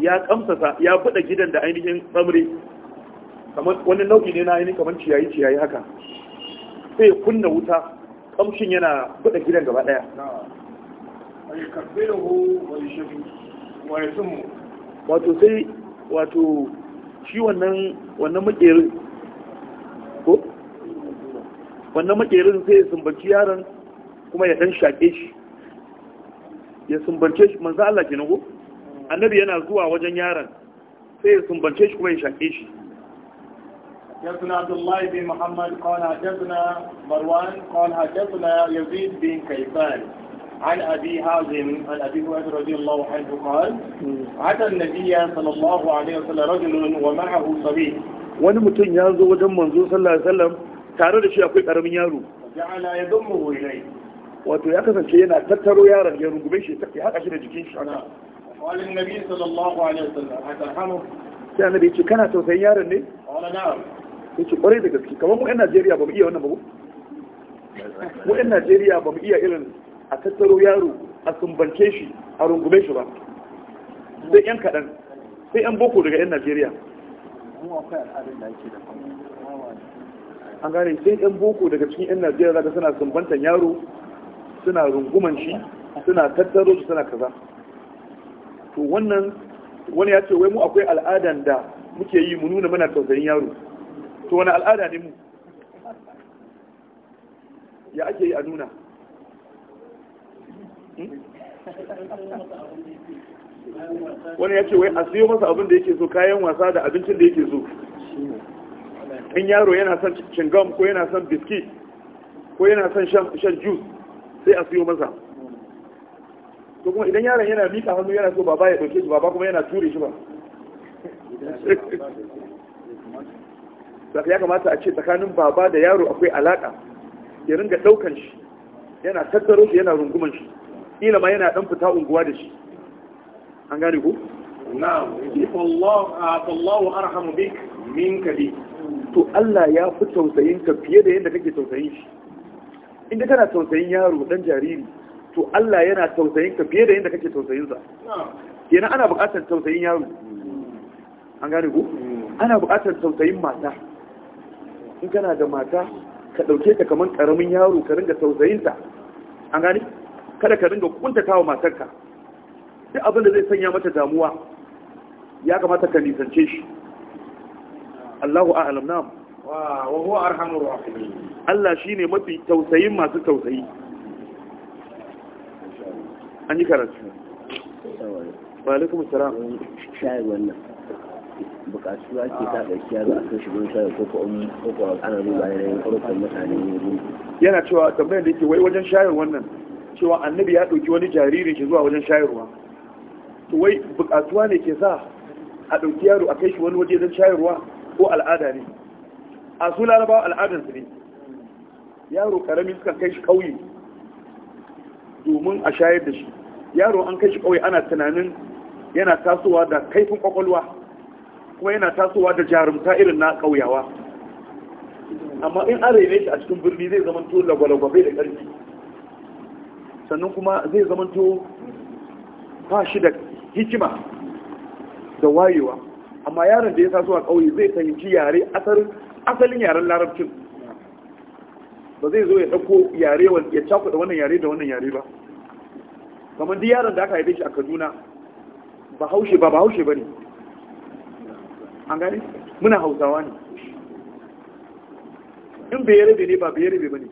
[SPEAKER 1] ya ƙamsasa ya buɗe gidan da ainihin tsamri kamar wani nau'i ne na ainihin kamar ciyayi ciyayi haka sai kunna wuta ƙamshin yana buɗe gidan gaba ɗaya wato sai wato shi wannan wannan makerin ko wannan makerin sai sumbaci yaron kuma ya dan shaƙe shi ya sumbance shi manzo Allah ke ko annabi yana zuwa wajen yaron sai ya sumbance shi kuma ya shaƙe shi حدثنا عبد الله بن محمد قال حدثنا مروان قال حدثنا يزيد بن كيسان عن أبي حازم عن أبي هريرة رضي الله عنه قال أتى النبي صلى الله عليه وسلم رجل ومعه صبي wani mutum ya zo wajen manzo sallallahu alaihi wasallam tare da shi akwai karamin yaro ja'ala yadummu ilai wato ya kasance yana tattaro yaron ya rungume shi ya haka shi da jikin shi ana wani nabi sallallahu alaihi wasallam haka hamu sai annabi ce kana tausayin yaron ne wala na'am yace kwarai da gaske kamar mu ƴan Najeriya ba mu iya wannan ba mu ƴan Najeriya ba mu iya irin a tattaro yaro a sumbance shi a rungume shi ba sai 'yan kaɗan sai 'yan boko daga 'yan Najeriya an gane sai 'yan boko daga cikin 'yan Najeriya zaka suna sumbantan yaro suna runguman shi suna tattaro shi suna kaza to wannan wani ya ce wai mu akwai al'adan da muke yi mu nuna mana tausayin yaro to wani al'ada ne mu ya ake yi a nuna
[SPEAKER 2] hmm? wani ya ce wai a siyo masa abin da
[SPEAKER 1] yake so kayan wasa da abincin da yake so in yaro yana son cingam ko yana son biskit ko yana son shan jus sai a siyo masa to kuma idan yaron yana miƙa hannu yana so baba ya dauke shi baba kuma yana ture shi ba Da ya kamata a ce tsakanin baba da yaro akwai alaka ya ringa daukan shi yana tattaro shi yana runguman shi kila ma yana dan fita unguwa da shi an gane ku na'am wallahu arhamu bik Min bi to Allah ya fi tausayin ka fiye da yadda kake tausayin shi inda kana tausayin yaro dan jariri to Allah yana tausayin ka fiye da yadda kake tausayin sa kenan ana buƙatar tausayin yaro an gane ku ana buƙatar tausayin mata in kana da mata ka ɗauke ta kamar ƙaramin yaro ka ringa tausayin ta an gane kada ka ringa kuntata wa matarka duk abin da zai sanya mata damuwa ya kamata ka nisance shi Allahu a'lam na'am Allah shi ne mafi tausayin masu tausayi an yi karatu ba alaikum salam shayar wannan
[SPEAKER 2] bukatu ake ta ɗauki yaro a kan shi shayar ko ko ana duba ne yin ƙorafin mutane ne
[SPEAKER 1] yana cewa tambayar da yake wai wajen shayar wannan cewa annabi ya ɗauki wani jariri ke zuwa wajen shayarwa wai bukatuwa ne ke sa a ɗauki yaro a kai shi wani waje don shayarwa ko al'ada ne a su larabawa al'adarsu ne yaro karamin sukan kai shi kauye domin a shayar da shi yaro an kai shi kauye ana tunanin yana tasowa da kaifin kwakwalwa kuma yana tasowa da jarumta irin na kauyawa amma in an raine shi a cikin birni zai zama to lagwalagwabe da ƙarfi sannan kuma zai zama to ba shi da hikima da wayewa amma yaron da ya taso a ƙauye zai fahimci yare asarin asalin yaren larabcin ba zai zo ya ɗauko yare ya da wannan yare da wannan yare ba kamar duk yaron da aka haife shi a kaduna ba haushe ba ba haushe ba ne an gani muna hausawa ne in bai ne ba bai rabe ba ne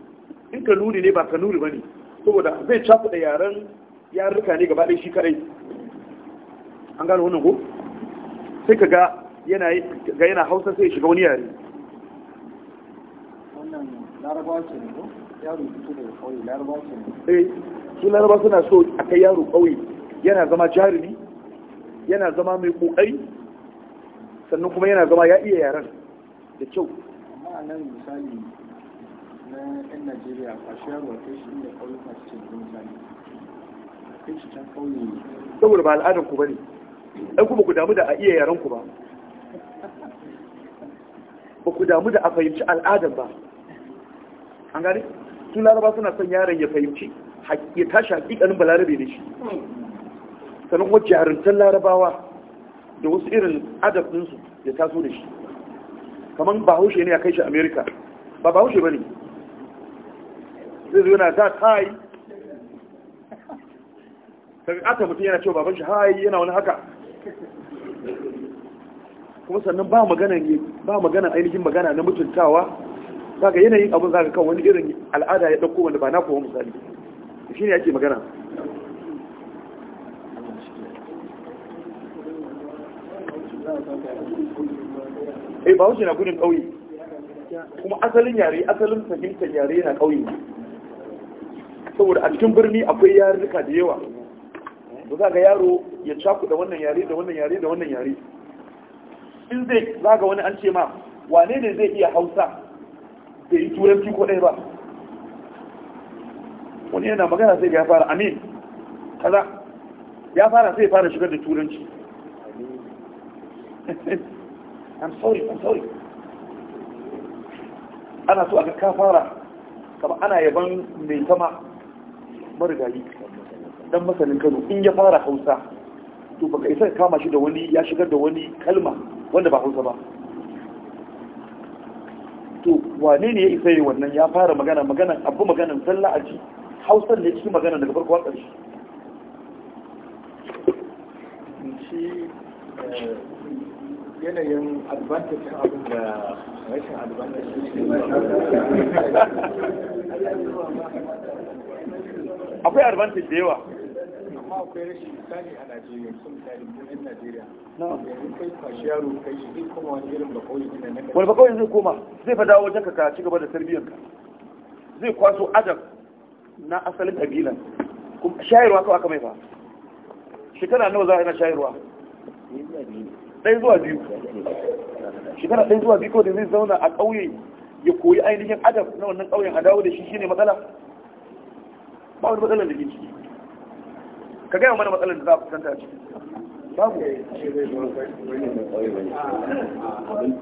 [SPEAKER 1] in kanuri ne ba kanuri ba ne saboda zai da yaren yarurruka ne gaba ɗaya shi kaɗai an gano wannan ko sai ka ga yana hausa sai ya shiga wani yare Eh, su laraba suna so a kai yaro kawai yana zama jarumi yana zama mai kokai sannan kuma yana zama ya iya yaren da kyau amma
[SPEAKER 2] nan misali
[SPEAKER 1] na yan najeriya kwashi yaro kai shi inda kauye masu cin misali kai shi can kauye saboda ba al'adar ku ne, ɗan kuma ku damu da a iya yaren ku ba ba ku damu da a fahimci al'adar ba an gani su laraba suna son yaron ya fahimci ya tashi hakikanin balarabe da shi sannan kuma jarumtar larabawa da wasu irin adabinsu ya taso da shi kamar bahaushe ne a kai shi amerika ba bahaushe ba ne zai zo yana za ta yi kaga aka mutum yana cewa baban shi hayi yana wani haka kuma sannan ba magana ba magana ainihin magana na mutuntawa kaga yanayin abin zaka kan wani irin al'ada ya dauko wanda ba na kowa misali shine yake magana eh ba wuce na gudun ƙauye kuma asalin yare asalin fahimtar yare na ƙauye saboda a cikin birni akwai yarurruka da yawa ba za ga yaro ya caku da wannan yare da wannan yare da wannan yare in zai za ga wani an ce ma wane ne zai iya hausa da yi turanci ko ɗaya ba wani yana magana sai ya fara amin kaza ya fara sai ya fara shigar da turanci *laughs* i'm sorry i'm sorry ana so aka fara kama ana yaban mai sama marigayi dan masanin kano in ya fara hausa to baka isa kama shi da wani ya shigar da wani kalma wanda ba hausa ba wane ne ya isa yi wannan ya fara magana magana abu maganan sallah a hausar ne cikin magana daga farko ƙarshe
[SPEAKER 2] shi eh,
[SPEAKER 1] yanayin advantage abin da rashin advantage akwai advantage da yawa
[SPEAKER 2] amma akwai rashin misali a najeriya sun misali munin najeriya yanzu kai
[SPEAKER 1] kwashi yaro kai shi zai koma wani irin bakawai ne na wani bakawai zai koma zai fa dawo wajen ka ci gaba da ka. zai kwaso adam na asalin kabilan shayarwa kawai aka mai fa shekara nawa za a yi na shayarwa ɗaya zuwa biyu shekara ɗaya zuwa biyu kawai da zai zauna a ƙauye ya koyi ainihin adam na wannan ƙauyen a dawo da shi shine matsala ba wani matsalar da ke ciki ka gaya mana matsalar da za a fuskanta ciki babu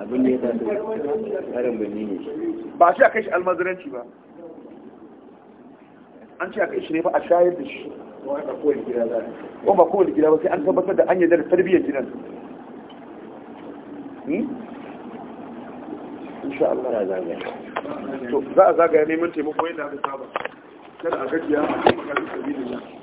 [SPEAKER 1] abin da ba tsarin birni ne ba a ce a kai shi almazuranci ba an ce a kai shi ne ba a shayar da shi ko ba kowane gida ba sai an tabbatar da an yi da tarbiyyar gidan hmm? insha Allah za a zagaya to za a zagaya neman taimako yadda aka saba kada a gajiya a kan makarin da.